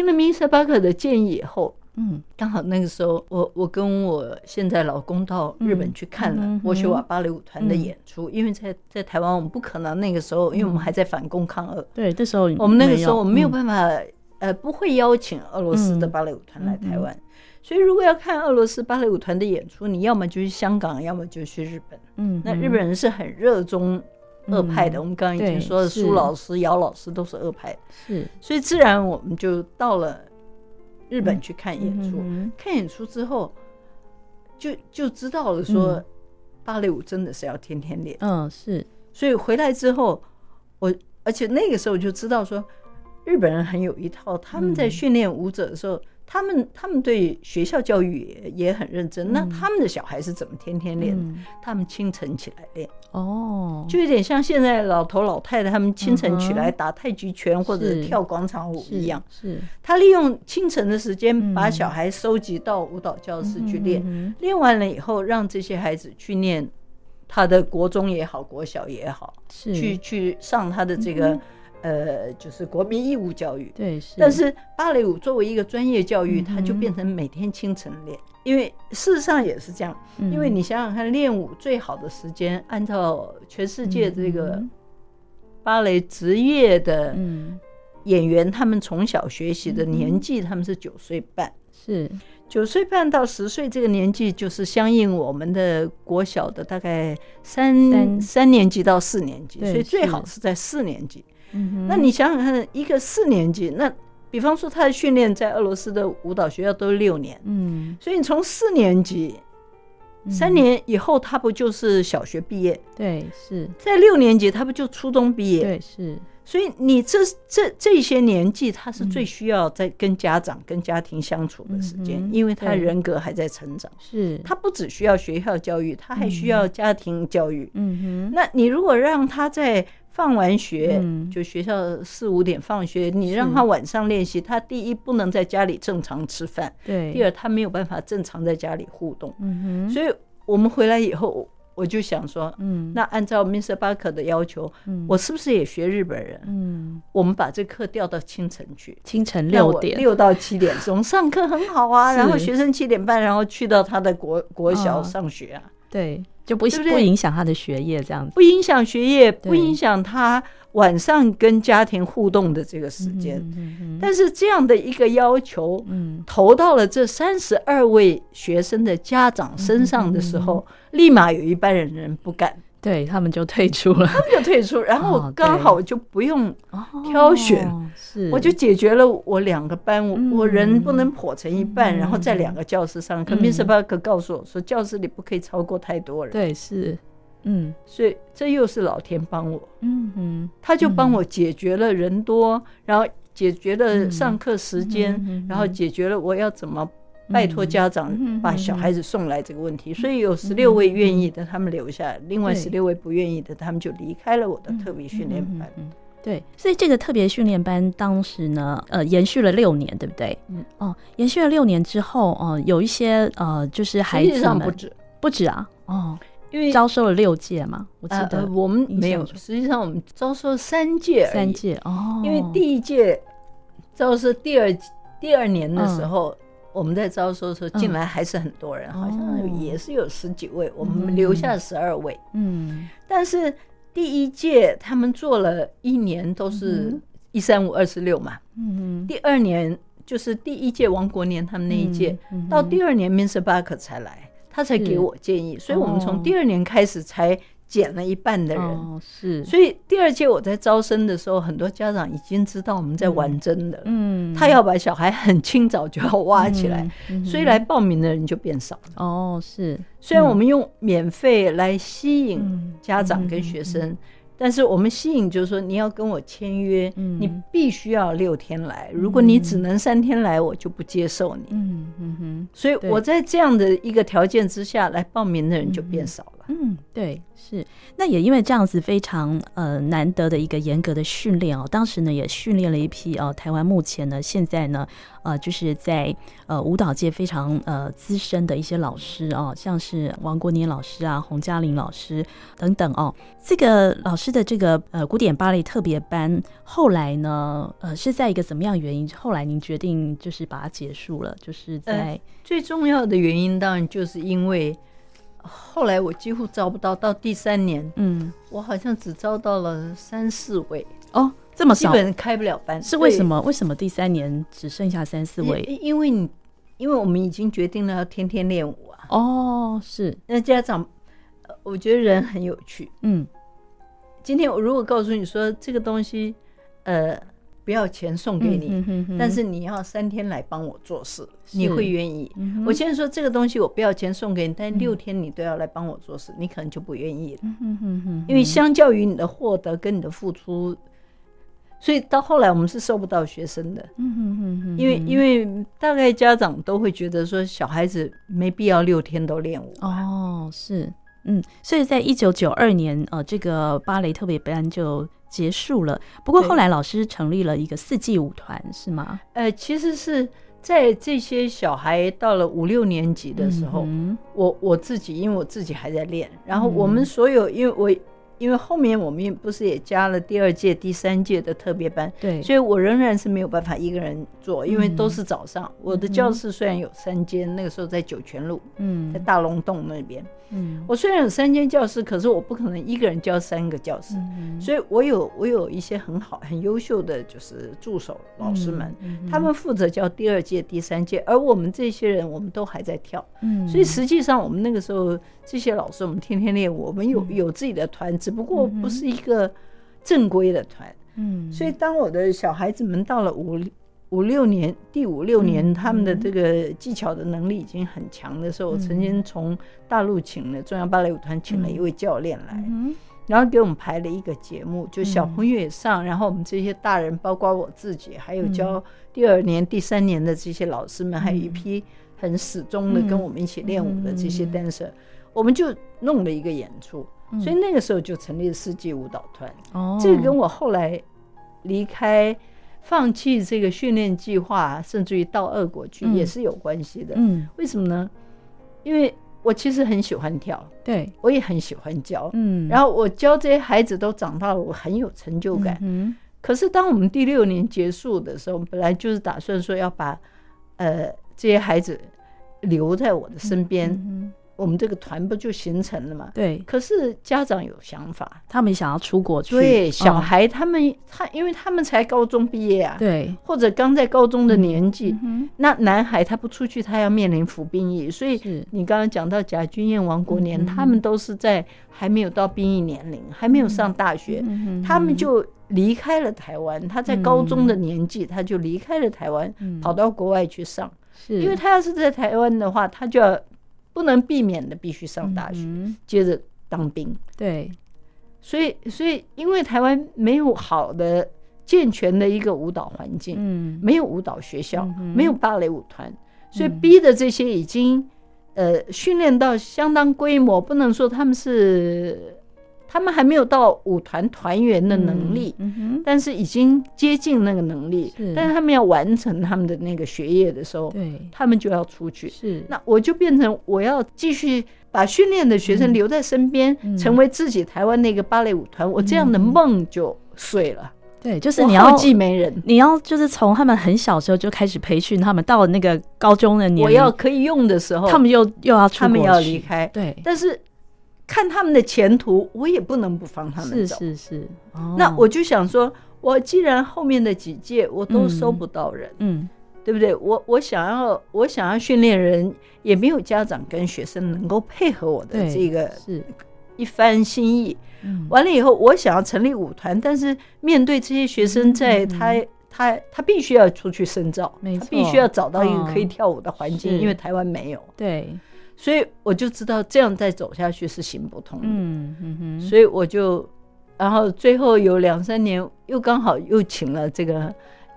聽了米塞巴克的建議以後，嗯，剛好那個時候我，我我跟我現在老公到日本去看了沃雪瓦芭蕾舞團的演出，嗯嗯、因為在在台灣我們不可能那個時候，因為我們還在反共抗俄。嗯、對，這時候我們那個時候我們沒有辦法，嗯、呃，不會邀請俄羅斯的芭蕾舞團來台灣，嗯嗯嗯、所以如果要看俄羅斯芭蕾舞團的演出，你要麼就去香港，要麼就去日本。嗯，嗯那日本人是很熱衷。俄派的，我們剛剛已經說了，蘇、嗯、老師、姚老師都是俄派的，是，所以自然我們就到了日本去看演出。嗯嗯、看演出之後，就就知道了說，說芭蕾舞真的是要天天練。嗯，是。所以回來之後，我而且那個時候就知道說，日本人很有一套，他們在訓練舞者的時候。嗯他們他們對學校教育也，也很認真，嗯、那他們的小孩是怎麼天天練的？嗯、他們清晨起來練哦，就有點像現在老頭老太太他們清晨起來打太極拳或者跳廣場舞一樣。嗯、是，是是他利用清晨的時間把小孩收集到舞蹈教室去練，練、嗯嗯嗯、完了以後讓這些孩子去念他的國中也好，國小也好，是去去上他的這個。呃，就是國民義務教育。對，是。但是芭蕾舞作為一個專業教育，嗯嗯，它就變成每天清晨練。因為事實上也是這樣，嗯、因為你想想看，練舞最好的時間，按照全世界這個芭蕾職業的演員，嗯嗯，他們從小學習的年紀，嗯嗯，他們是九歲半，是九歲半到十歲這個年紀，就是相應我們的國小的大概三三,三年級到四年級，對所以最好是在四年級。是嗯那你想想看，一個四年級，那比方說他的訓練在俄羅斯的舞蹈學校都是六年，嗯，所以你從四年級，嗯、三年以後他不就是小學畢業？對，是在六年級他不就初中畢業？對，是。所以你這這這些年紀，他是最需要在跟家長、嗯、跟家庭相處的時間，嗯、因為他人格還在成長，是對他不只需要學校教育，他還需要家庭教育。嗯哼，那你如果讓他在。放完學就學校四五點放學，你讓他晚上練習，他第一不能在家裡正常吃飯，對，第二他沒有辦法正常在家裡互動，嗯哼，所以我們回來以後我就想說，嗯，那按照 Mr. Barker 的要求，嗯，我是不是也學日本人？嗯，我們把這課調到清晨去，清晨六點六到七點鐘上課很好啊，然後學生七點半，然後去到他的國國小上學啊。對，就不不影響他的學業這樣子對不對？不影響學業，不影響他晚上跟家庭互動的這個時間。對但是這樣的一個要求，投到了這三十二位學生的家長身上的時候， 立馬有一半人不敢。對，他們就退出了，他們就退出，然後我剛好就不用挑選，哦哦、是，我就解決了我兩個班，嗯、我人不能剖成一半，嗯、然後在兩個教室上。可 Miss Parker 告訴我說，教室裡不可以超過太多人。對，是，嗯，所以這又是老天幫我，嗯嗯，嗯他就幫我解決了人多，然後解決了上課時間，嗯嗯嗯嗯、然後解決了我要怎麼。拜託家長把小孩子送來這個問題。嗯嗯嗯、所以有十六位願意的，他們留下；嗯嗯、另外十六位不願意的，他們就離開了我的特別訓練班。對，所以這個特別訓練班當時呢，呃，延續了六年，對不對？嗯，哦，延續了六年之後，哦，呃，有一些呃，就是孩子們不止不止啊，哦，因為招收了六屆嘛，我記得，呃，我們沒有，實際上我們招收了三屆，三屆哦，因為第一屆招收，第二第二年的時候。嗯我們在招收的時候進來還是很多人，嗯、好像也是有十幾位，嗯、我們留下十二位嗯。嗯，但是第一屆他們做了一年，都是一三五二四六嘛嗯。嗯，第二年就是第一屆王國年他們那一屆，嗯嗯、到第二年 Minseback、er、才來，他才給我建議，是所以我們從第二年開始才。減了一半的人。oh, 是，所以第二屆我在招生的時候，很多家長已經知道我們在玩真的，嗯、mm，hmm. 他要把小孩很清早就要挖起來，mm hmm. 所以來報名的人就變少了。哦，oh, 是，雖然我們用免費來吸引家長跟學生，mm hmm. 但是我們吸引就是說你要跟我簽約，mm hmm. 你必須要六天來，如果你只能三天來，我就不接受你。嗯哼、mm，hmm. 所以我在這樣的一個條件之下，來報名的人就變少了。嗯、mm，hmm. 對。是，那也因為這樣子非常呃難得的一個嚴格的訓練哦。當時呢也訓練了一批哦、呃，台灣目前呢現在呢呃就是在呃舞蹈界非常呃資深的一些老師哦，像是王國年老師啊、洪嘉玲老師等等哦。這個老師的這個呃古典芭蕾特別班後來呢呃是在一個怎麼樣原因？後來您決定就是把它結束了，就是在、呃、最重要的原因當然就是因為。後來我幾乎招不到，到第三年，嗯，我好像只招到了三四位哦，這麼少，基本開不了班。是為什麼？所以，為什麼第三年只剩下三四位？因為你，因為我們已經決定了要天天練舞啊。哦，是。那家長，我覺得人很有趣。嗯，今天我如果告訴你說這個東西，呃。不要錢送給你，嗯、哼哼，但是你要三天來幫我做事，是你會願意？嗯、哼我現在說這個東西，我不要錢送給你，但六天你都要來幫我做事，嗯、哼你可能就不願意了。嗯、哼哼哼因為相較於你的獲得跟你的付出，所以到後來我們是收不到學生的。嗯、哼哼哼哼因為因為大概家長都會覺得說，小孩子沒必要六天都練舞，啊。哦，是，嗯，所以在一九九二年，呃，這個芭蕾特別班就。結束了。不過後來老師成立了一個四季舞團，對是嗎？呃，其實是在這些小孩到了五六年級的時候，嗯、哼我我自己因為我自己還在練，然後我們所有、嗯、因為我。因為後面我們也不是也加了第二屆、第三屆的特別班，對，所以我仍然是沒有辦法一個人做，嗯、因為都是早上。嗯、我的教室雖然有三間，嗯、那個時候在酒泉路，嗯，在大龍洞那邊，嗯，我雖然有三間教室，可是我不可能一個人教三個教室，嗯、所以我有我有一些很好、很優秀的就是助手老師們，嗯、他們負責教第二屆、第三屆，而我們這些人我們都還在跳，嗯，所以實際上我們那個時候這些老師，我們天天練舞，我們有、嗯、有自己的團隊。只不過不是一個正規的團，嗯，mm hmm. 所以當我的小孩子們到了五五六年、第五六年，mm hmm. 他們的這個技巧的能力已經很強的時候，mm hmm. 我曾經從大陸請了中央芭蕾舞團請了一位教練來，mm hmm. 然後給我們排了一個節目，就小朋友也上，mm hmm. 然後我們這些大人，包括我自己，還有教第二年、第三年的這些老師們，mm hmm. 還有一批很始終的跟我們一起練舞的這些 dancer，mm hmm. 我們就弄了一個演出。所以那個時候就成立了世界舞蹈團。嗯、這這跟我後來離開、放棄這個訓練計劃，甚至於到俄國去，也是有關係的。嗯嗯、為什麼呢？因為我其實很喜歡跳，對，我也很喜歡教。嗯、然後我教這些孩子都長大了，我很有成就感。嗯、哼可是當我們第六年結束的時候，我們本來就是打算說要把呃這些孩子留在我的身邊。嗯我們這個團不就形成了嗎？對。可是家長有想法，他們想要出國去。對，小孩他們他，因為他們才高中畢業啊。對。或者剛在高中的年紀，那男孩他不出去，他要面臨服兵役。所以你剛剛講到賈君燕、王國年，他們都是在還沒有到兵役年齡，還沒有上大學，他們就離開了台灣。他在高中的年紀，他就離開了台灣，跑到國外去上。是因為他要是在台灣的話，他就要。不能避免的，必須上大學，嗯、接着當兵。對，所以，所以，因為台灣沒有好的、健全的一個舞蹈環境，嗯、沒有舞蹈學校，嗯、哼沒有芭蕾舞團，嗯、哼所以逼的這些已經呃訓練到相當規模，不能說他們是。他們還沒有到舞團團員的能力，但是已經接近那個能力。但是他們要完成他們的那個學業的時候，對，他們就要出去。是，那我就變成我要繼續把訓練的學生留在身邊，成為自己台灣那個芭蕾舞團。我這樣的夢就碎了。對，就是你要後繼沒人，你要就是從他們很小時候就開始培訓他們，到那個高中的年，我要可以用的時候，他們又又要他們要離開。對，但是。看他們的前途，我也不能不放他們走。是是是，那我就想說，哦、我既然後面的幾屆我都收不到人，嗯，嗯對不對？我我想要我想要訓練人，也沒有家長跟學生能夠配合我的這個一番心意。完了以後，我想要成立舞團，嗯、但是面對這些學生，在他、嗯嗯、他他必須要出去深造，沒錯、他必須要找到一個可以跳舞的環境，哦、因為台灣沒有。對。所以我就知道這樣再走下去是行不通的嗯。嗯嗯哼。所以我就，然後最後有兩三年，又剛好又請了這個、嗯，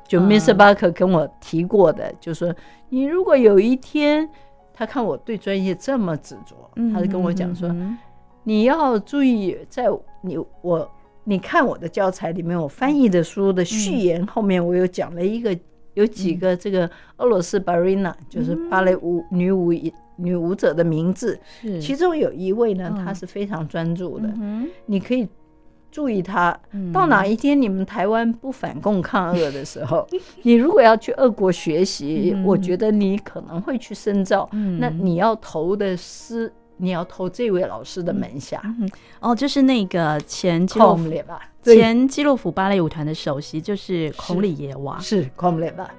就 Mr. 巴克跟我提過的，就是、說你如果有一天，他看我對專業這麼執着，他就跟我講說，嗯嗯、你要注意，在你我你看我的教材裡面，我翻譯的書的序言、嗯、後面，我又講了一個有幾個這個俄羅斯巴瑞娜，就是芭蕾舞女舞一。女舞者的名字，其中有一位呢，她是非常專注的，你可以注意她。到哪一天你們台灣不反共抗俄的時候，你如果要去俄國學習，我覺得你可能會去深造。那你要投的是，你要投這位老師的門下。哦，就是那個前基洛夫前基洛夫芭蕾舞團的首席，就是孔里耶娃，是孔里耶娃。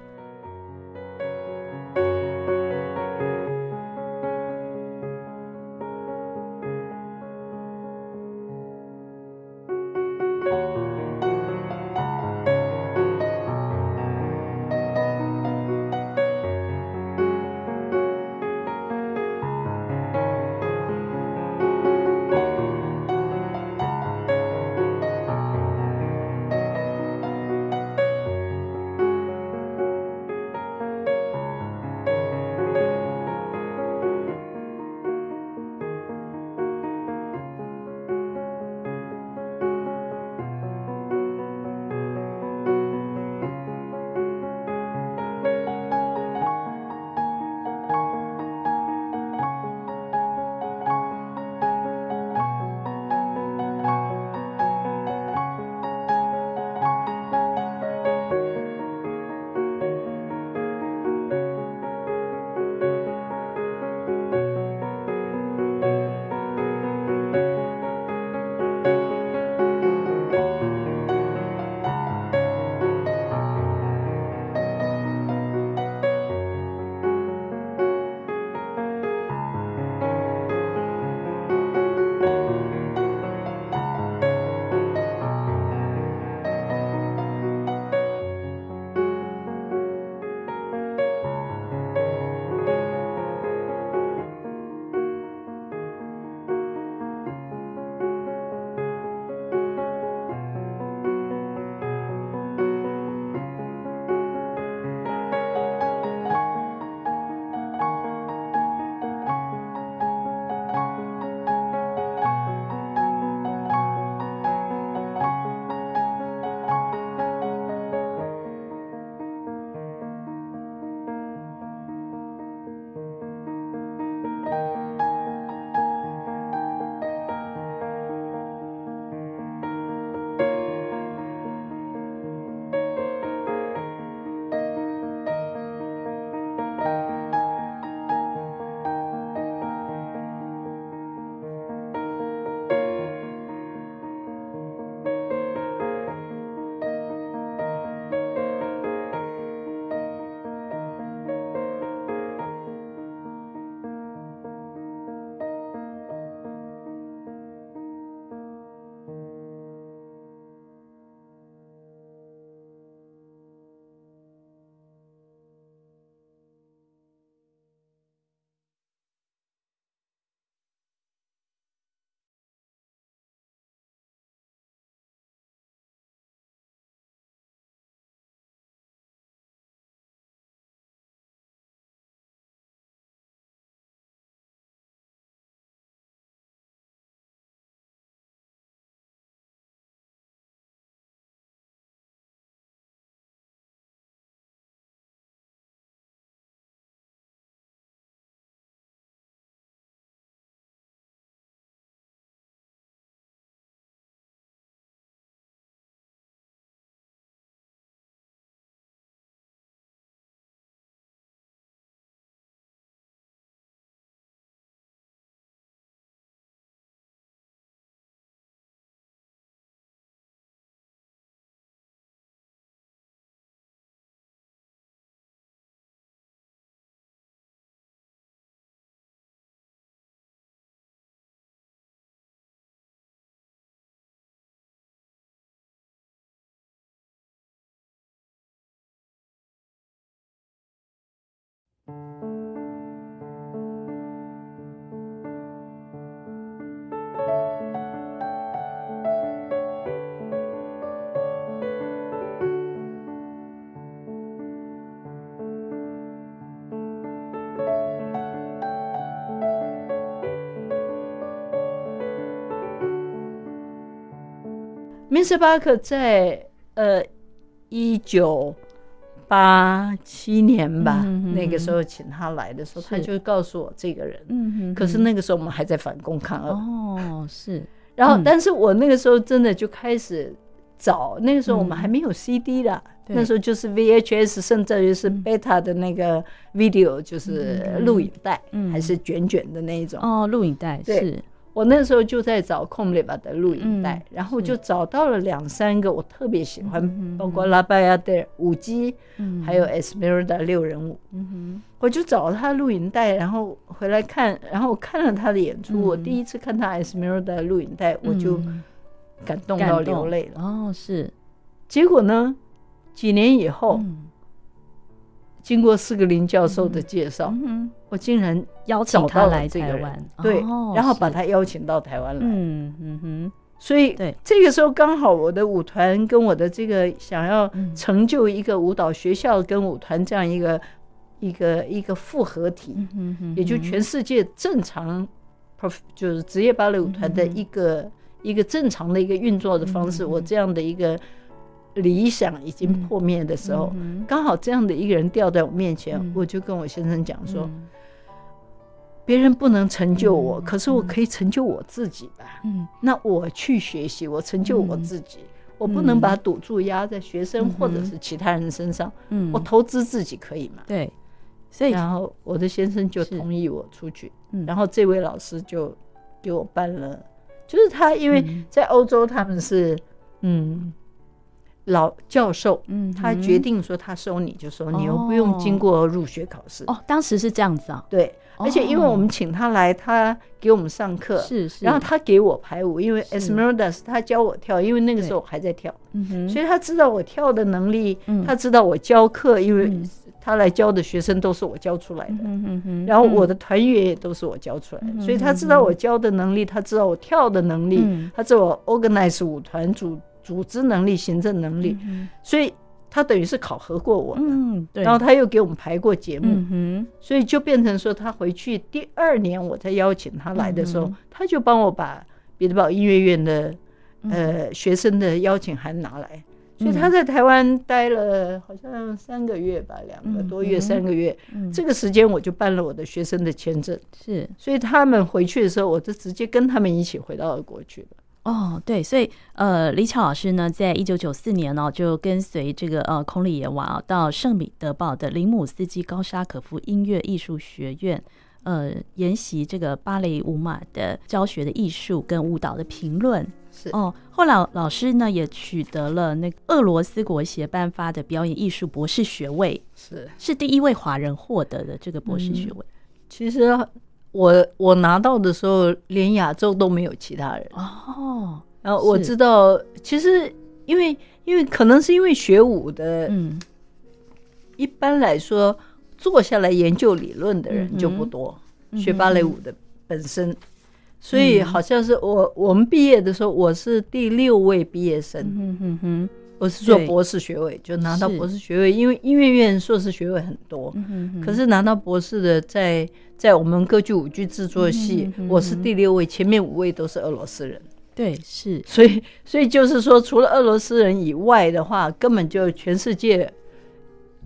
米斯巴克在呃，一九。八七年吧，嗯、哼哼那個時候請他來的時候，是他就告訴我這個人。嗯哼哼可是那個時候我們還在反共抗日哦，是。然後，嗯、但是我那個時候真的就開始找，那個時候我們還沒有 CD 的，嗯、那時候就是 VHS，甚至於是 Beta 的那個 video，嗯、就是錄影帶，嗯、還是卷卷的那一種哦，錄影帶對。我那時候就在找控里 n 的錄影帶，嗯、然後就找到了兩三個我特別喜歡，嗯、包括拉拜亞的 y a 舞姬，雞嗯、還有 e s m e r a d a 六人物。嗯、我就找了他錄影帶，然後回來看，然後我看了他的演出，嗯、我第一次看他 e s m e r a d a 錄影帶，嗯、我就感動到流淚了。動哦，是。結果呢？幾年以後。嗯經過四個林教授的介紹，嗯嗯嗯、我竟然邀請他來台灣，對，然後把他邀請到台灣來，嗯嗯哼，所以對這個時候剛好我的舞團跟我的這個想要成就一個舞蹈學校跟舞團這樣一個、嗯、一個一個複合體，嗯嗯，嗯嗯嗯也就全世界正常，就是職業芭蕾舞團的一個、嗯嗯、一個正常的一個運作的方式，嗯嗯嗯、我這樣的一個。理想已經破滅的時候，剛好這樣的一個人掉在我面前，我就跟我先生講說：“別人不能成就我，可是我可以成就我自己吧？嗯，那我去學習，我成就我自己。我不能把賭注壓在學生或者是其他人身上，嗯，我投資自己可以嘛？對，所以然後我的先生就同意我出去，然後這位老師就給我辦了，就是他因為在歐洲他們是嗯。”老教授，嗯，他決定說他收你，就收、嗯、哼你，又不用經過入學考試。哦，對當時是這樣子啊、哦。對，而且因為我們請他來，他給我們上課，是是、哦。然後他給我排舞，因為 Esmeralda 他教我跳，因為那個時候我還在跳，嗯、所以他知道我跳的能力，嗯、他知道我教課，因為他來教的學生都是我教出來的，嗯嗯哼然後我的團員也都是我教出來的，嗯、哼所以他知道我教的能力，他知道我跳的能力，嗯、哼他知道我 organize 舞團組。組織能力、行政能力，嗯、哼所以他等於是考核過我們。嗯、然後他又給我們排過節目，嗯、哼所以就變成說，他回去第二年，我在邀請他來的時候，嗯、哼他就幫我把彼得堡音樂院的、嗯、哼呃學生的邀請函拿來。嗯、哼所以他在台灣待了好像三個月吧，兩個多月，嗯、哼三個月。嗯、哼這個時間我就辦了我的學生的簽證，是。所以他們回去的時候，我就直接跟他們一起回到俄國去了。哦，oh, 對，所以呃，李巧老師呢，在一九九四年呢、哦，就跟隨這個呃，孔里耶娃到聖彼得堡的林姆斯基高沙可夫音樂藝術學院，呃，研習這個芭蕾舞馬的教學的藝術跟舞蹈的評論。是哦，後來老師呢，也取得了那個俄羅斯國協頒發的表演藝術博士學位，是是第一位華人獲得的這個博士學位。嗯、其實。我我拿到的時候，連亞洲都沒有其他人哦。然後我知道，是其實因為因為可能是因為學舞的，嗯、一般來說坐下來研究理論的人就不多，嗯嗯學芭蕾舞的本身，嗯嗯所以好像是我我們畢業的時候，我是第六位畢業生。嗯哼哼哼我是做博士學位，對就拿到博士學位，是因為音樂院碩士學位很多，嗯嗯可是拿到博士的在，在在我們歌劇舞劇製作系，我是第六位，嗯哼嗯哼前面五位都是俄羅斯人。對，是，所以所以就是說，除了俄羅斯人以外的話，根本就全世界，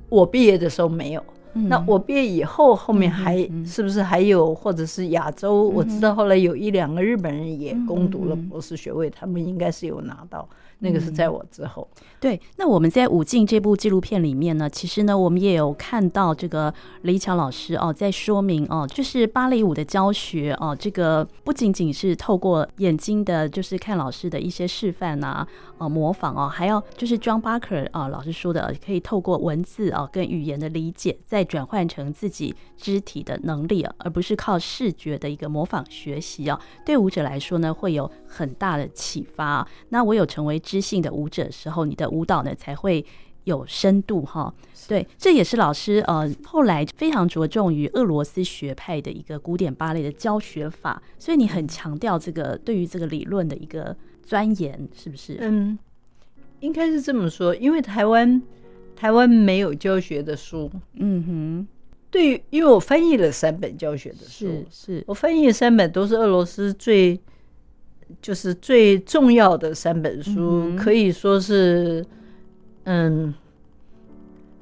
我畢業的時候沒有。嗯嗯那我畢業以後，後面還是不是還有，或者是亞洲？嗯、哼我知道後來有一兩個日本人也攻讀了博士學位，嗯哼嗯哼他們應該是有拿到。那個是在我之後。嗯對，那我們在《舞徑》這部紀錄片裡面呢，其實呢，我們也有看到這個李巧老師哦，在說明哦，就是芭蕾舞的教學哦，這個不僅僅是透過眼睛的，就是看老師的一些示範啊，哦，模仿哦，還要就是 John Barker 啊老師說的，可以透過文字哦、啊、跟語言的理解，再轉換成自己肢體的能力、啊、而不是靠視覺的一個模仿學習哦、啊。對舞者來說呢，會有很大的啟發。那我有成為知性的舞者的時候，你的。舞蹈呢才會有深度哈，對，這也是老師呃後來非常着重於俄羅斯學派的一個古典芭蕾的教學法，所以你很強調這個對於這個理論的一個鑽研是不是？嗯，應該是這麼說，因為台灣台灣沒有教學的書，嗯哼，對，因為我翻譯了三本教學的書，是，是我翻譯的三本都是俄羅斯最。就是最重要的三本書，mm hmm. 可以說是，嗯，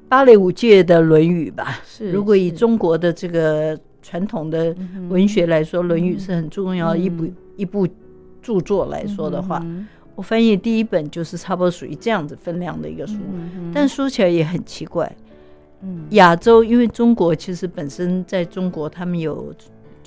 芭蕾舞界的《論語》吧。是，如果以中國的這個傳統的文學來說，mm hmm.《論語》是很重要一部、mm hmm. 一部著作來說的話，mm hmm. 我翻譯第一本就是差不多屬於這樣子分量的一個書。Mm hmm. 但說起來也很奇怪，嗯、mm hmm. 亞洲，因為中國其實本身在中國，他們有。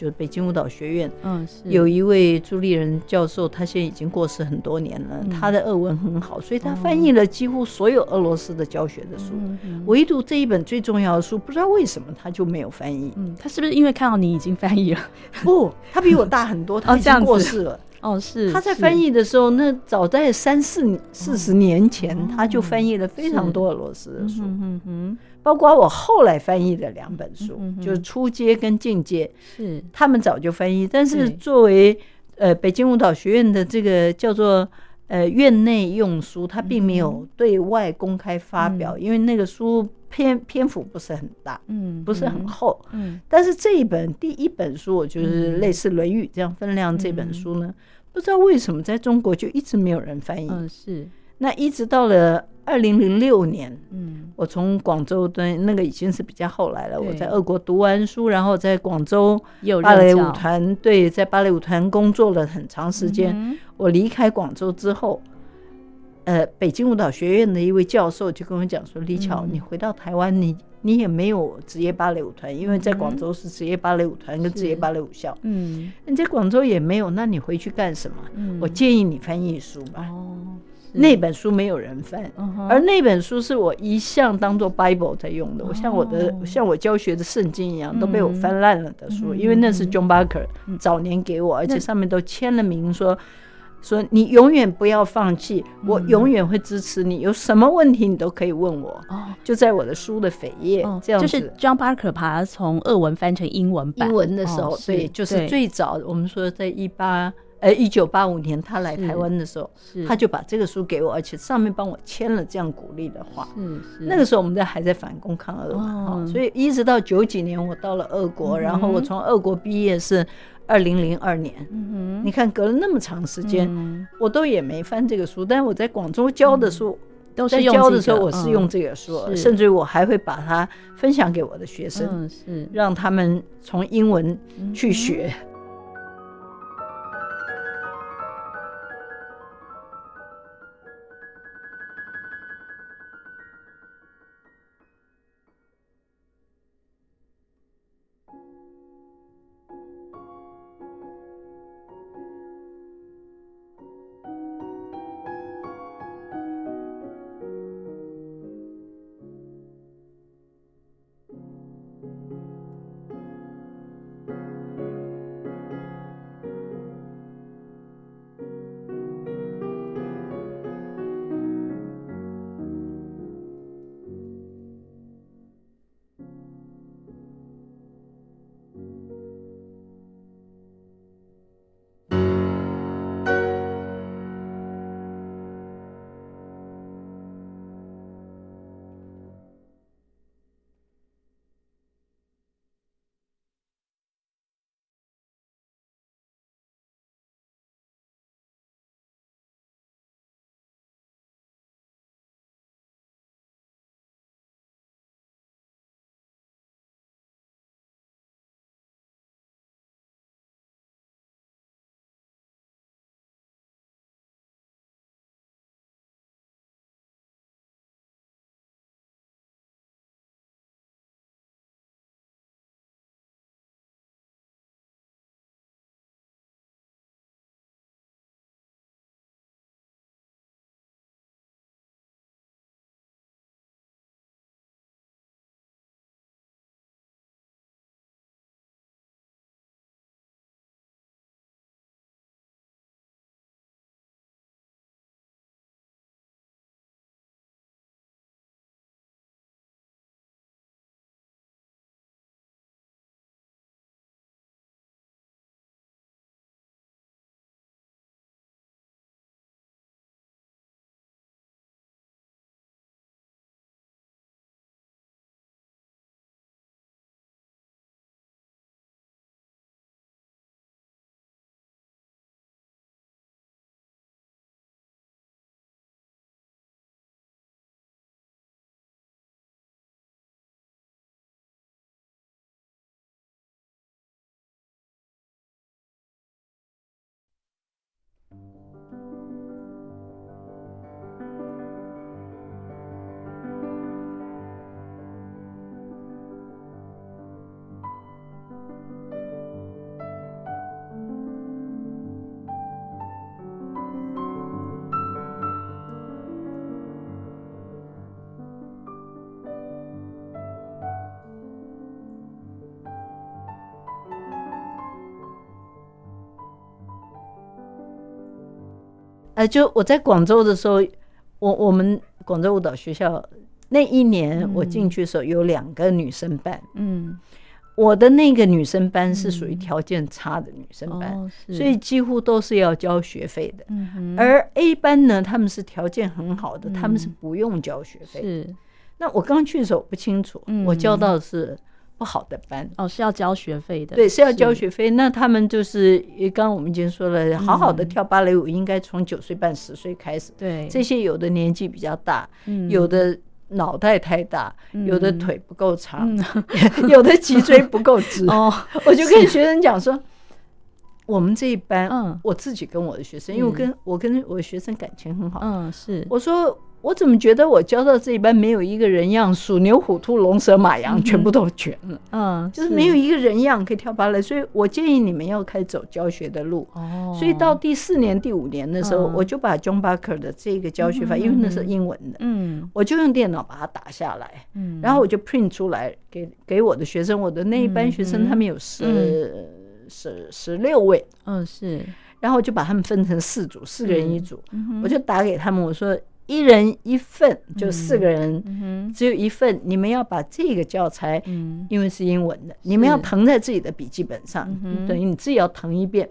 就北京舞蹈學院，嗯，是有一位朱立人教授，他現在已經過世很多年了。嗯、他的俄文很好，所以他翻譯了幾乎所有俄羅斯的教學的書，嗯嗯、唯獨這一本最重要的書，不知道為什麼他就沒有翻譯、嗯。他是不是因為看到你已經翻譯了？不，他比我大很多， 他已經過世了。哦，哦，是。他在翻譯的時候，是那早在三四四十年前，哦、他就翻譯了非常多俄羅斯的書。嗯哼。包括我後來翻譯的兩本書，就是《初階》跟《進階》，是他們早就翻譯。但是作為呃北京舞蹈學院的這個叫做呃院內用書，它並沒有對外公開發表，因為那個書篇篇幅不是很大，嗯，不是很厚，嗯。但是這一本第一本書，我就是類似《論語》這樣分量這本書呢，不知道為什麼在中國就一直沒有人翻譯，嗯，是。那一直到了二零零六年，嗯，我從廣州的，那個已經是比較後來了。對我在俄國讀完書，然後在廣州有芭蕾舞團對，在芭蕾舞團工作了很長時間。嗯、哼我離開廣州之後，呃，北京舞蹈學院的一位教授就跟我講說：“嗯、李巧，你回到台灣，你你也沒有職業芭蕾舞團，因為在廣州是職業芭蕾舞團跟職業芭蕾舞校，嗯，你在廣州也沒有，那你回去幹什麼？嗯、我建議你翻譯書吧。哦”那本書沒有人翻，而那本書是我一向當做 Bible 在用的。我像我的像我教學的聖經一樣，都被我翻爛了的書，因為那是 John Barker 早年給我，而且上面都簽了名，說說你永遠不要放棄，我永遠會支持你，有什麼問題你都可以問我。就在我的書的扉頁，這樣就是 John Barker 把它從俄文翻成英文版，英文的時候，對，就是最早我們說在一八。哎，一九八五年他來台灣的時候，他就把這個書給我，而且上面幫我簽了這樣鼓勵的話。嗯，那個時候我們在還在反攻抗俄嘛，哈，所以一直到九幾年我到了俄國，然後我從俄國畢業是二零零二年。嗯，你看隔了那麼長時間，我都也沒翻這個書，但我在廣州教的書，當時教的時候我是用這個書，甚至於我還會把它分享給我的學生，是讓他們從英文去學。就我在廣州的時候，我我們廣州舞蹈學校那一年我進去的時候有兩個女生班，嗯，嗯，我的那個女生班是屬於條件差的女生班，嗯哦、所以幾乎都是要交學費的。嗯、哼而 A 班呢，他們是條件很好的，嗯、他們是不用交學費。是，那我剛去的時候不清楚，我交到的是。嗯嗯不好的班哦，是要交學費的。對，是要交學費。那他們就是，剛剛我們已經說了，好好的跳芭蕾舞應該從九歲半、十歲開始。對，這些有的年紀比較大，有的腦袋太大，有的腿不夠長，有的脊椎不夠直。哦，我就跟學生講說，我們這一班，嗯，我自己跟我的學生，因為我跟我跟我學生感情很好，嗯，是，我說。我怎麼覺得我教到這一班沒有一個人樣，屬牛、虎、兔、龍、蛇、馬、羊，全部都全了，嗯，就是沒有一個人樣可以跳芭蕾。所以我建議你們要開始走教學的路。哦，所以到第四年、第五年的時候，我就把 John Barker 的這個教學法，因為那是英文的，嗯，我就用電腦把它打下來，嗯，然後我就 print 出來給給我的學生，我的那一班學生他們有十十十六位，嗯，是，然後我就把他們分成四組，四個人一組，我就打給他們，我說。一人一份，就四個人，只有一份。你們要把這個教材，因為是英文的，你們要謄在自己的筆記本上，等於你自己要謄一遍。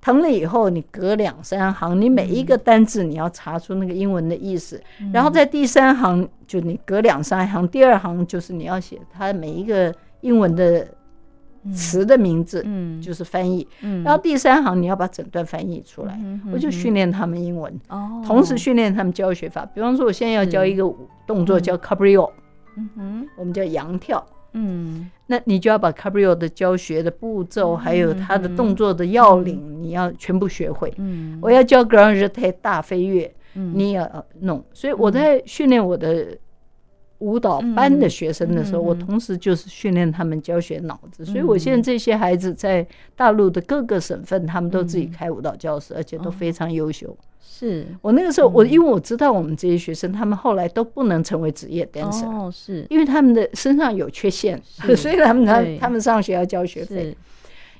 謄了以後，你隔兩三行，你每一個單字你要查出那個英文的意思，然後在第三行，就你隔兩三行，第二行就是你要寫它每一個英文的。詞的名字，就是翻譯，然後第三行你要把整段翻譯出來，我就訓練他們英文，同時訓練他們教學法。比方說，我現在要教一個動作叫 cabriole 嗯哼，我們叫羊跳，嗯，那你就要把 cabriole 的教學的步驟，還有它的動作的要領，你要全部學會。我要教 grand jeté 大飛躍，嗯，你也要弄。所以我在訓練我的。舞蹈班的學生的時候，我同時就是訓練他們教學腦子，所以我現在這些孩子在大陸的各個省份，他們都自己開舞蹈教室，而且都非常優秀。是我那個時候，我因為我知道我們這些學生，他們後來都不能成為職業 dancer，是因為他們的身上有缺陷，所以他們他他們上學要交學費。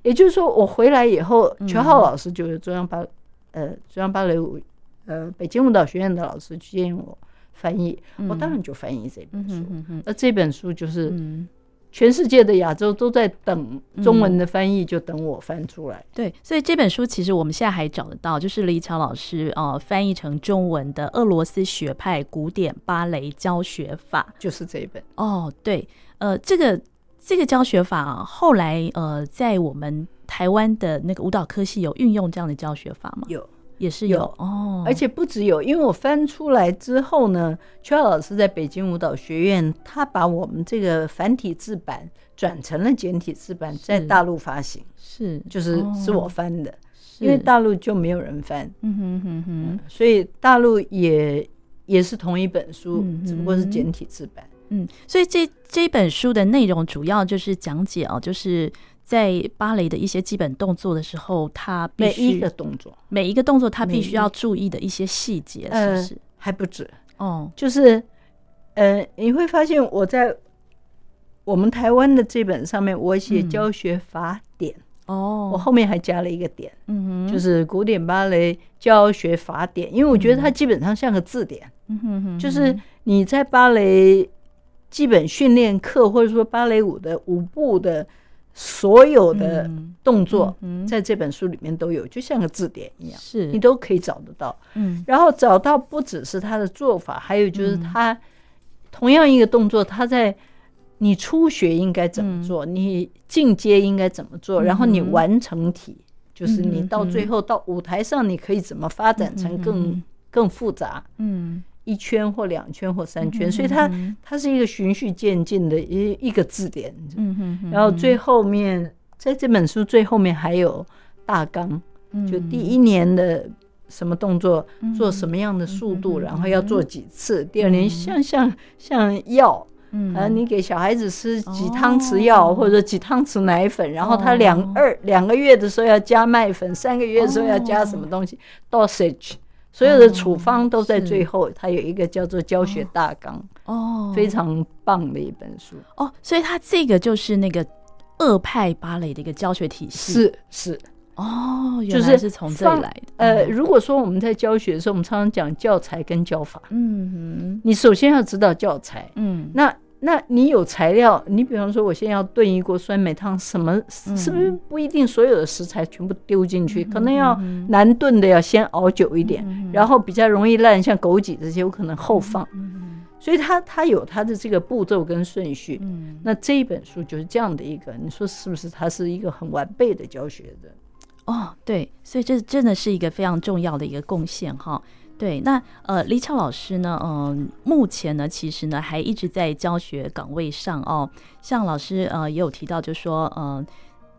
也就是說，我回來以後，全浩老師就是中央芭，呃，中央芭蕾舞，呃，北京舞蹈學院的老師去接應我。翻譯，我當然就翻譯這本書。那、嗯、這本書就是全世界的亞洲都在等中文的翻譯，就等我翻出來、嗯哼哼。對，所以這本書其實我們現在還找得到，就是李巧老師哦、呃，翻譯成中文的《俄羅斯學派古典芭蕾教學法》，就是這一本。哦，對，呃，這個這個教學法、啊、後來呃在我們台灣的那個舞蹈科系有運用這樣的教學法嗎？有。也是有，有哦，而且不只有，因為我翻出來之後呢，邱老師在北京舞蹈學院，他把我們這個繁體字版轉成了簡體字版，是在大陸發行，是就是是我翻的，哦、因為大陸就沒有人翻，是嗯哼哼哼，所以大陸也也是同一本書，只不過是簡體字版，嗯，嗯，所以這這本書的內容主要就是講解哦，就是。在芭蕾的一些基本動作的時候，他每一個動作每一個動作他必須要注意的一些細節，是不是、呃、還不止哦？就是，呃你會發現我在我們台灣的這本上面，我寫教學法典哦，嗯、我後面還加了一個點，嗯哼、哦，就是古典芭蕾教學法典，因為我覺得它基本上像個字典，嗯、哼就是你在芭蕾基本訓練課或者說芭蕾舞的舞步的。所有的動作，在這本書裡面都有，嗯嗯、就像個字典一樣，是你都可以找得到。嗯、然後找到不只是他的做法，嗯、還有就是他同樣一個動作，他在你初學應該怎麼做，嗯、你進階應該怎麼做，嗯、然後你完成體，嗯、就是你到最後到舞台上，你可以怎麼發展成更，嗯、更複雜？嗯嗯一圈或兩圈或三圈，所以它它是一個循序漸進的一一個字典。然後最後面在這本書最後面還有大綱，就第一年的什麼動作做什麼樣的速度，然後要做幾次。第二年像像像藥，嗯，你給小孩子吃幾湯匙藥，或者幾湯匙奶粉，然後他兩二兩個月的時候要加麥粉，三個月的時候要加什麼東西？Dosage。所有的處方都在最後，哦、它有一個叫做教學大綱哦，非常棒的一本書哦，所以它這個就是那個俄派芭蕾的一個教學體系，是是哦，原來是從這裡來的。呃，嗯、如果說我們在教學的時候，我們常常講教材跟教法，嗯哼，你首先要知道教材，嗯，那。那你有材料，你比方說，我現在要燉一鍋酸梅湯，什麼，是不是不一定所有的食材全部丟進去？嗯、可能要難燉的要先熬久一點，嗯、然後比較容易爛，像枸杞這些，有可能後放。嗯、所以他他有他的這個步驟跟順序。嗯、那這一本書就是這樣的一個，你說是不是？他是一個很完備的教學的。哦，對，所以這真的是一個非常重要的一個貢獻哈。對，那呃，李巧老師呢？嗯、呃，目前呢，其實呢，還一直在教學崗位上哦。像老師呃，也有提到就，就說呃，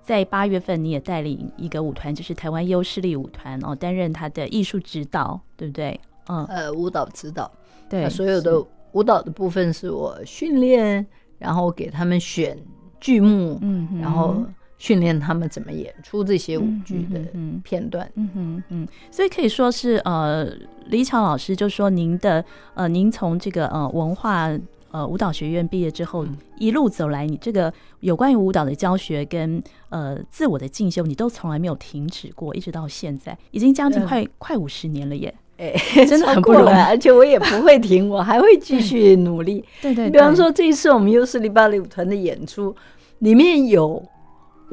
在八月份你也帶領一個舞團，就是台灣優勢力舞團哦，擔、呃、任他的藝術指導，對不對？嗯、呃，呃，舞蹈指導，對，所有的舞蹈的部分是我訓練，是然後給他們選劇目，嗯嗯哼，然後。訓練他們怎麼演出這些舞劇的片段，嗯哼嗯，嗯，嗯，嗯，嗯，所以可以說是呃，李巧老師就說：“您的呃，您從這個呃文化呃舞蹈學院畢業之後，嗯、一路走來，你這個有關於舞蹈的教學跟呃自我的進修，你都從來沒有停止過，一直到現在已經將近快、嗯、快五十年了，耶！哎、欸，真的很不容易，而且我也不會停，我還會繼續努力。嗯、對，對，對對，比方說這一次我們優是力芭蕾舞團的演出裡面有。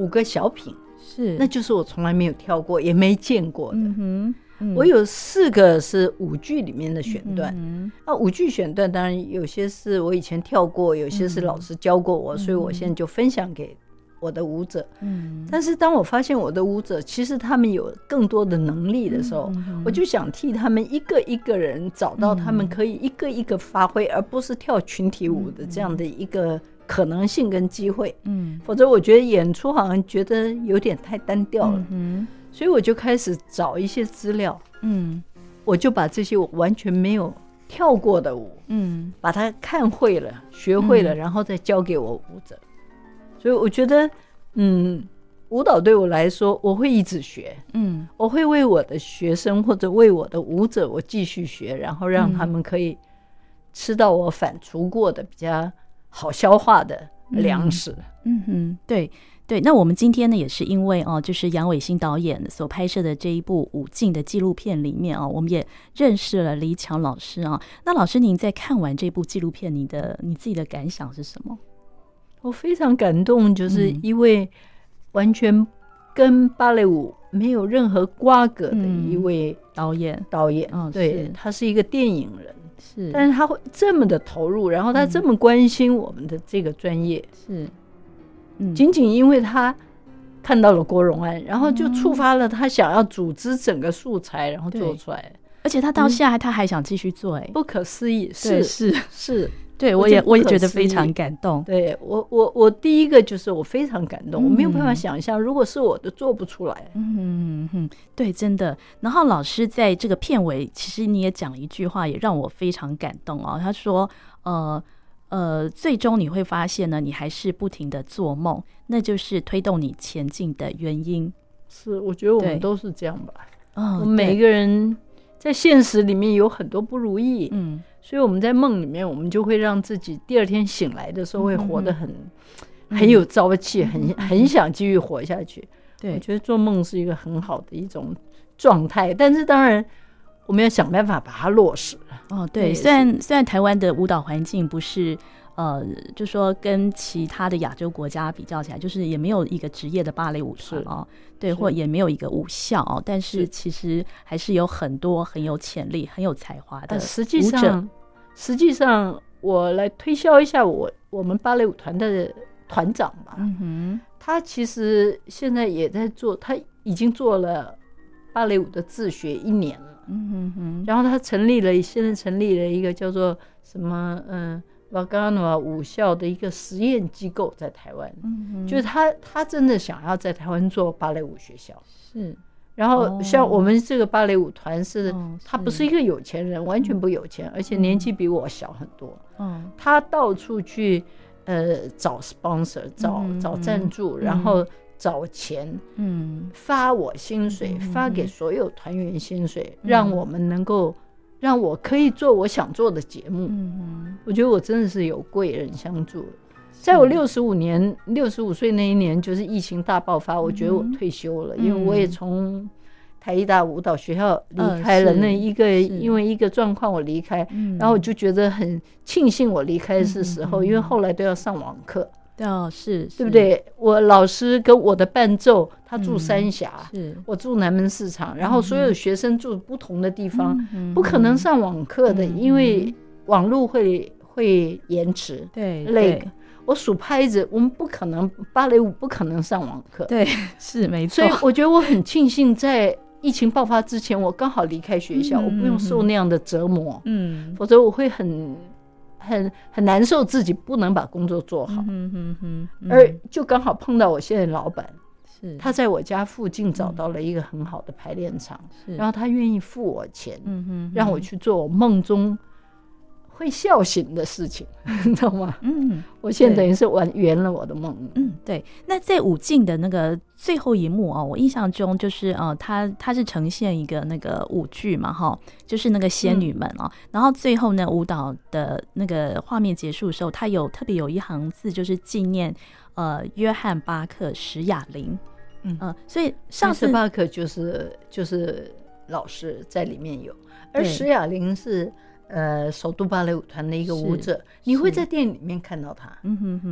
五個小品是，那就是我從來沒有跳過，也沒見過的。嗯嗯、我有四個是舞劇裡面的選段，那、嗯哼啊、舞劇選段當然有些是我以前跳過，有些是老師教過我，嗯、哼所以我現在就分享給我的舞者。嗯哼，但是當我發現我的舞者其實他們有更多的能力的時候，嗯、哼我就想替他們一個一個人找到他們可以一個一個發揮，嗯、哼而不是跳群體舞的這樣的一個。可能性跟機會，嗯，否則我覺得演出好像覺得有點太單調了，嗯，所以我就開始找一些資料，嗯，我就把這些我完全沒有跳過的舞，嗯，把它看會了，學會了，嗯，然後再教給我舞者。所以我覺得，嗯，舞蹈對我來說，我會一直學，嗯，我會為我的學生或者為我的舞者，我繼續學，然後讓他們可以吃到我反芻過的比較。好消化的糧食，嗯嗯，嗯哼，對對。那我們今天呢，也是因為哦，就是楊偉新導演所拍攝的這一部舞徑的紀錄片裡面啊、哦，我們也認識了李巧老師啊、哦。那老師您在看完這部紀錄片，你的你自己的感想是什麼？我非常感動，就是一位完全跟芭蕾舞沒有任何瓜葛的一位導演，嗯嗯、導演，導演對、哦、是他是一個電影人。是，但是他會這麼的投入，然後他這麼關心我們的這個專業、嗯，是，僅、嗯、僅因為他看到了郭榮安，然後就觸發了他想要組織整個素材，嗯、然後做出來，對而且他到現在他還想繼續做、欸，不可思議，是是是。是 對，我也我也覺得非常感動。我對我，我我第一個就是我非常感動，嗯、哼我沒有辦法想象，如果是我都做不出來。嗯哼，哼，對，真的。然後老師在這個片尾，其實你也講一句話，也讓我非常感動哦，他說：“呃呃，最終你會發現呢，你還是不停的做夢，那就是推動你前進的原因。”是，我覺得我們都是這樣吧。對我們每一個人在現實裡面有很多不如意，嗯。所以我們在夢裡面，我們就會讓自己第二天醒來的時候會活得很，嗯、很有朝氣、嗯，很很想繼續活下去。對、嗯，我覺得做夢是一個很好的一種狀態，對但是當然我們要想辦法把它落實。哦，對，對雖然雖然台灣的舞蹈環境不是。呃，就說跟其他的亞洲國家比較起來，就是也沒有一個職業的芭蕾舞團啊、哦，是對，是或也沒有一個舞校啊、哦，但是其實還是有很多很有潛力、很有才華的但、呃、實際上，者實際上我來推銷一下我我們芭蕾舞團的團長吧。嗯哼，他其實現在也在做，他已經做了芭蕾舞的自學一年了。嗯哼哼，然後他成立了，現在成立了一個叫做什麼嗯。我剛剛說舞校的一個實驗機構在台灣，就是他，他真的想要在台灣做芭蕾舞學校。是，然後像我們這個芭蕾舞團是，他不是一個有錢人，完全不有錢，而且年紀比我小很多。他到處去呃找 sponsor，找找贊助，然後找錢，嗯，發我薪水，發給所有團員薪水，讓我們能夠。讓我可以做我想做的節目，嗯哼我覺得我真的是有貴人相助。是在我六十五年六十五歲那一年，就是疫情大爆發，嗯、哼我覺得我退休了，嗯、因為我也從台藝大舞蹈學校離開了。嗯、那一個是因為一個狀況我離開，嗯、然後我就覺得很慶幸我離開的是時候，嗯、哼因為後來都要上網課。哦，是，是對不對？我老師跟我的伴奏，他住三峽，嗯、是我住南門市場，然後所有學生住不同的地方，嗯嗯、不可能上網課的，嗯、因為網路會會延遲，對，累。我數拍子，我們不可能芭蕾舞，不可能上網課，對，是沒錯。所以我覺得我很慶幸，在疫情爆發之前，我剛好離開學校，嗯、我不用受那樣的折磨，嗯，否則我會很。很很難受，自己不能把工作做好，嗯哼哼嗯、而就剛好碰到我現在的老闆，是，他在我家附近找到了一個很好的排練場，是然後他願意付我錢，嗯、哼哼讓我去做我夢中。被笑醒的事情，你知道嗎？嗯，我現在等於是完對圓了我的夢。嗯，對。那在舞徑的那個最後一幕哦，我印象中就是，呃，他他是呈現一個那個舞劇嘛，哈，就是那個仙女們哦，嗯、然後最後呢，舞蹈的那個畫面結束的時候，他有特別有一行字，就是紀念呃約翰巴克史雅琳。嗯、呃、所以上次，上次巴克就是就是老師在裡面有，而史雅琳是。呃，首都芭蕾舞團的一個舞者，你會在電影裡面看到他，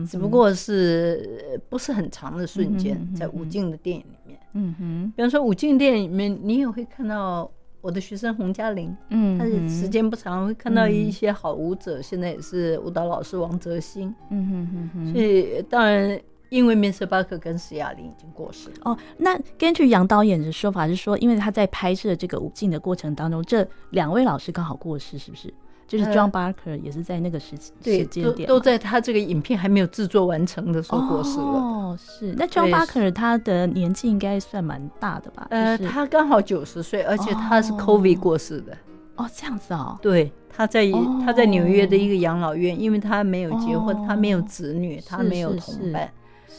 只不過是不是很長的瞬間，嗯、在舞徑的電影裡面，嗯哼。嗯嗯，比方說舞徑電影裡面，你也會看到我的學生洪嘉玲，嗯，他的時間不長，嗯、會看到一些好舞者，嗯、現在也是舞蹈老師王哲新、嗯，嗯哼哼哼，嗯嗯、所以當然。因為 Mr. Barker 跟施雅琳已經過世了哦。那根據楊導演的說法，是說因為他在拍攝這個舞徑的過程當中，這兩位老師剛好過世，是不是？就是 John Barker 也是在那個時、呃、時間點、啊、都，都在他這個影片還沒有製作完成的時候過世了。哦，是。那 John Barker 他的年紀應該算蠻大的吧？呃，就是、他剛好九十歲，而且他是 Covid 過世的。哦，這樣子哦。對，他在他在紐約的一個養老院，哦、因為他沒有結婚，哦、他沒有子女，他沒有同伴。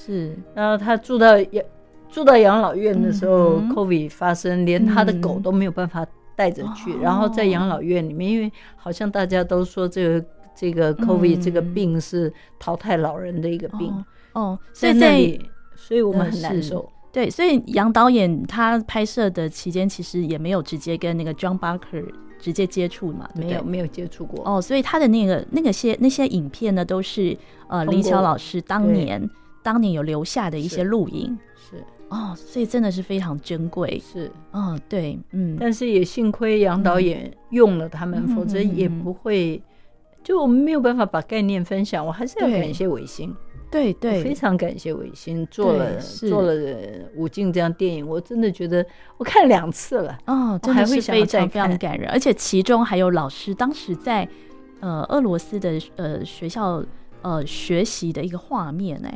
是，然後他住到養，住到養老院的時候 COVID 發生，連他的狗都沒有辦法帶着去。嗯、然後在養老院裡面，因為好像大家都說這個這個 COVID 這個病是淘汰老人的一個病、嗯、哦。所以那所以我們很難受。對，所以楊導演他拍攝的期間，其實也沒有直接跟那個 John Barker 直接接觸嘛，對對沒有沒有接觸過哦。所以他的那個那個些那些影片呢，都是呃李巧過老師當年。當年有留下的一些錄影，是哦，所以真的是非常珍貴，是嗯，對，嗯，但是也幸虧楊導演用了他們，否則也不會，就我們沒有辦法把概念分享。我還是要感謝偉星，對對，非常感謝偉星做了做了舞徑這樣電影，我真的覺得我看兩次了，哦，真的是非常非常感人，而且其中還有老師當時在呃俄羅斯的呃學校呃學習的一個畫面，呢。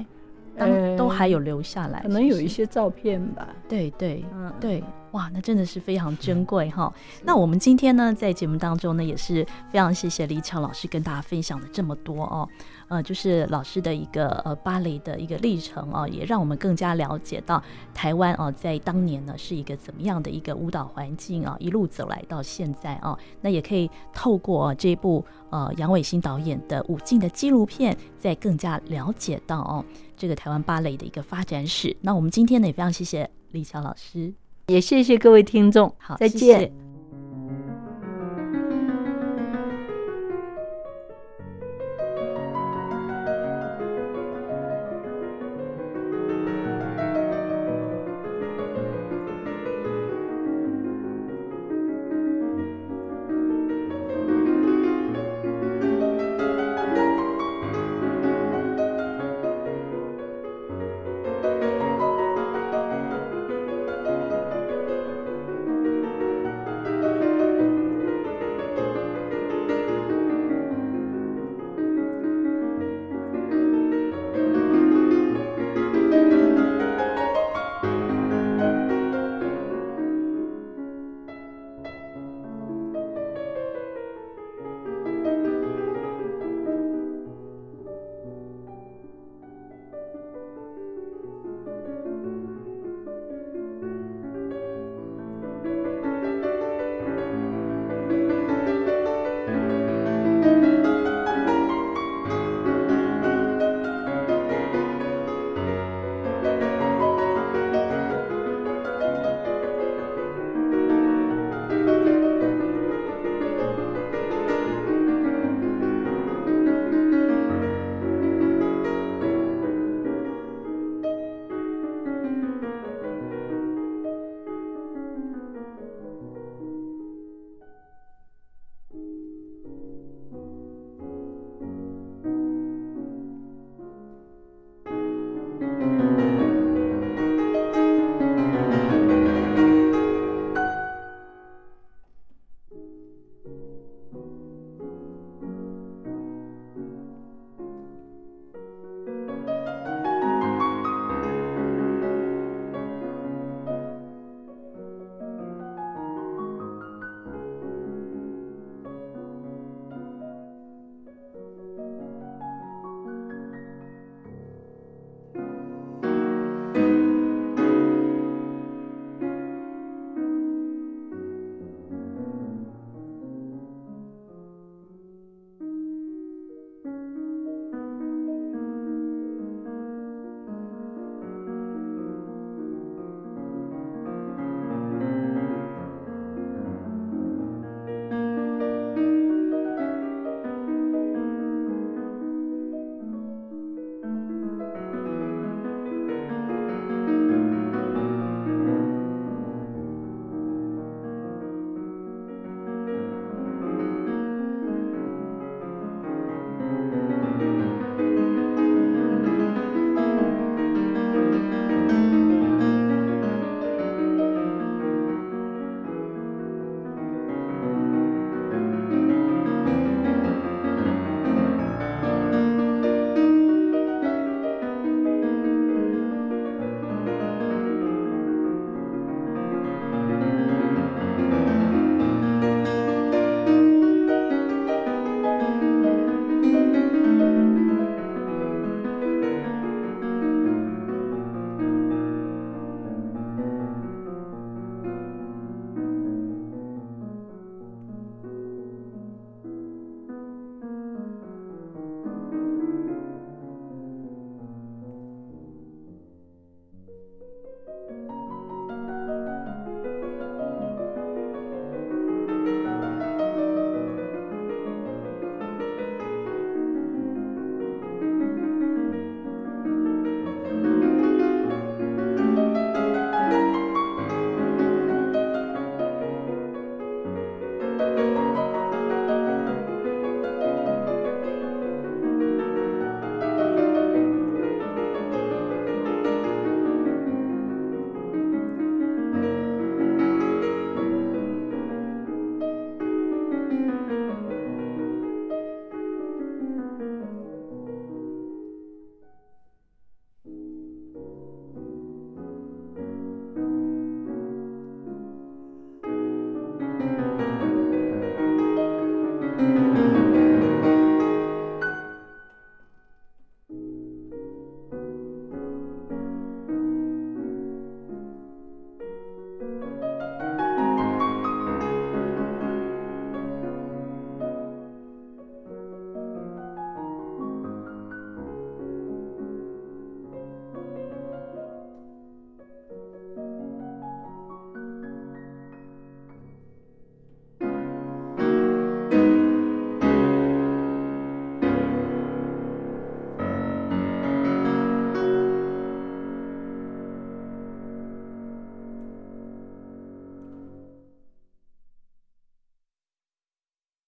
都都還有留下來，是是，可能有一些照片吧。對，對對，嗯，對，哇，那真的是非常珍貴哈是。那我們今天呢，在節目當中呢，也是非常謝謝李巧老師跟大家分享了這麼多哦。呃，就是老師的一個呃芭蕾的一個歷程啊、哦，也讓我們更加了解到台灣啊、哦，在當年呢是一個怎麼樣的一個舞蹈環境啊、哦，一路走來到現在啊、哦，那也可以透過這部呃楊偉新導演的舞徑的紀錄片，再更加了解到哦這個台灣芭蕾的一個發展史。那我們今天呢也非常謝謝李巧老師，也謝謝各位聽眾，好，再見。謝謝。